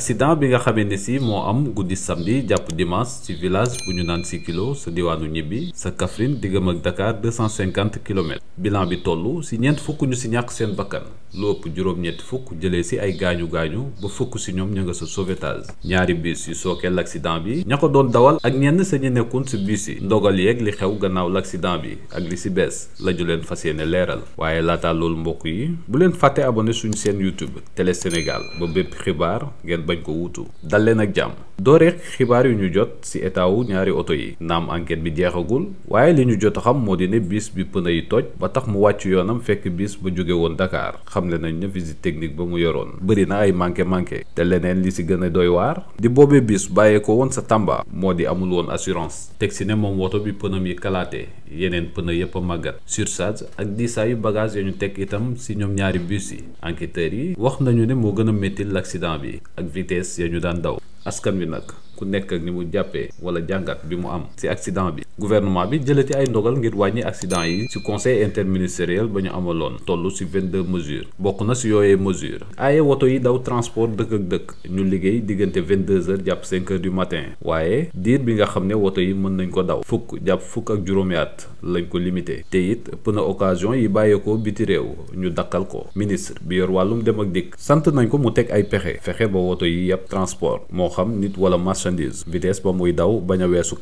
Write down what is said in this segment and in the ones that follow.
accident bi nga xamee ne si moo am guddi samedi jàpp dimanche ci village bu ñu naan si kilo sa diwaanu ñibbi sa Kaffrine diggam ak Dakar 250 kilomètres bilan bi tollu si ñeent fukkuñu ñu si ñàkk seen bakkan lu ëpp juróom-ñetti fukk jëlee si ay gaañu gaañu ba fukk si ñoom ña nga sa sauvetage ñaari bis yu sookee l'accident bi ña ko doon dawal ak ñenn sa ñu nekkoon si yi ndogal yeeg li xew gannaaw l'accident bi ak li si bees la ju leen fa yéene leeral waaye laata loolu mbokk yi bu leen fàtte abone suñu seen YouTube Télé Sénégal ba bépp xibaar ngeen bañ ko wutu dal leen ak jàmm doo xibaar yu ñu jot si état wu ñaari oto yi naam enquête bi jeexagul waaye li ñu jot xam moo di ne biis bi pëna yi toj ba tax mu wàcc yoonam fekk biis ba jóge woon Dakar xamle nañ ne visite technique ba mu yoroon bëri na ay manqué manqué te leneen li si gën a doy waar di boobee bis bàyyee ko woon sa Tamba moo di amul woon assurance teg si ne moom woto bi pënam yi kalaate yeneen pneu yëpp a màggat surcharge ak diisaayu bagage ya ñu teg itam si ñoom ñaari bis yi enquêteurs yi wax nañu ne moo gën a métti l'accident bi ak vitesse ya ñu daan daw askan wi nag ku nekk ak ni mu jàppee wala jàngat bi mu am ci accident bi gouvernement bi jëlati ay ndogal ngir wàññi accident yi ci conseil interministériel ba ñu amaloon toll ci 22 mesures bokk na ci yooyee mesures aaye woto yi daw transport dëkk ak dëkk ñu liggéey diggante 22 heures jàpp 5 heures du matin waaye diir bi nga xam ne woto yi mën nañ ko daw fukk jàpp fukk ak juróomi at lañ ko limité tey it pneu occasion yi bàyyeekoo biti réew ñu dakkal ko ministre bi yor wàllum dem ak dikk sant nañ ko mu teg ay pexe fexe ba woto yi marchandise vitesse ba muy daw bañ a weesu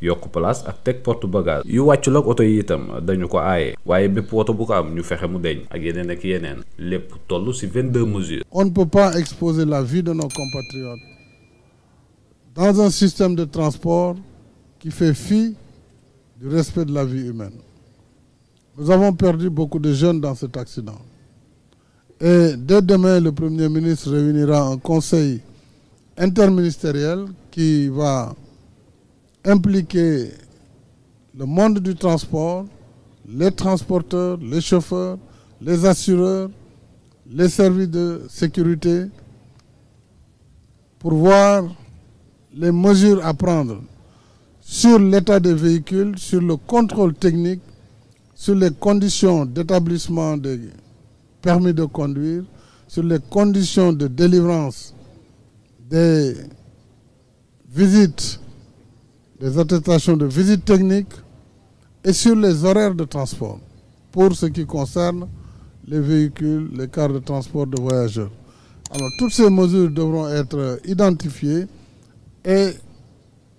yokk place ak teg porte bagage yu wàccul oto yi itam dañu ko aaye waaye bépp oto bu ko am ñu fexe mu deñ ak yeneen ak yeneen lépp toll ci 22 mesures. on ne peut pas exposer la vie de nos compatriotes dans un système de transport qui fait fi du respect de la vie humaine. Nous avons perdu beaucoup de jeunes dans cet accident. Et dès demain, le Premier ministre réunira un conseil interministériel qui va impliquer le monde du transport, les transporteurs, les chauffeurs, les assureurs, les services de sécurité, pour voir les mesures à prendre sur l'état des véhicules, sur le contrôle technique, sur les conditions d'établissement des permis de conduire, sur les conditions de délivrance des visites, des attestations de visite technique et sur les horaires de transport pour ce qui concerne les véhicules, les cars de transport de voyageurs. Alors toutes ces mesures devront être identifiées et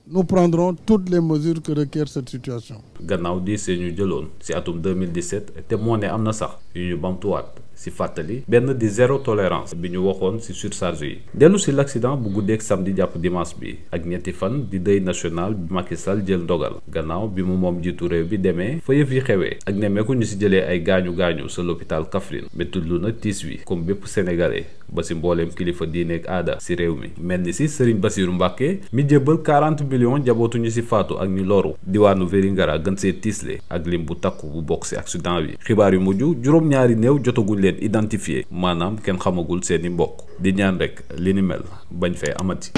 nous prendrons toutes les mesures que requiert cette situation. gannaaw diis yi ñu jëloon ci atum 2017 te moo ne am na sax yu ñu bamtuwaat. si fàttali benn di zéro tolérance bi ñu waxoon si surcharge yi dellu si l'accident bu guddeeg samedi jàpp dimanche bi ak ñetti fan di deuil national bi Macky Sall jël ndogal gannaaw bi mu moom jiitu réew bi demee fa yëf yi xewee ak nemmeeku ñu si jëlee ay gaañu gaañu sa l'hôpital Kaffrine méttudlu na tiis wi comme bépp sénégalais ba si mbooleem kilifa diineeg aada si réew mi mel ni si Serigne basiiru Mbacké mi jébbal 40 millions jabootu si faatu ak ñu loru diwaanu Vélingara gën see tiisle ak lim bu takku bu bokk si accident bi xibaar yu mujj juróom-ñaari leen identifié maanaam kenn xamagul seeni mbokk di ñaan rek li ni mel bañ fee amati.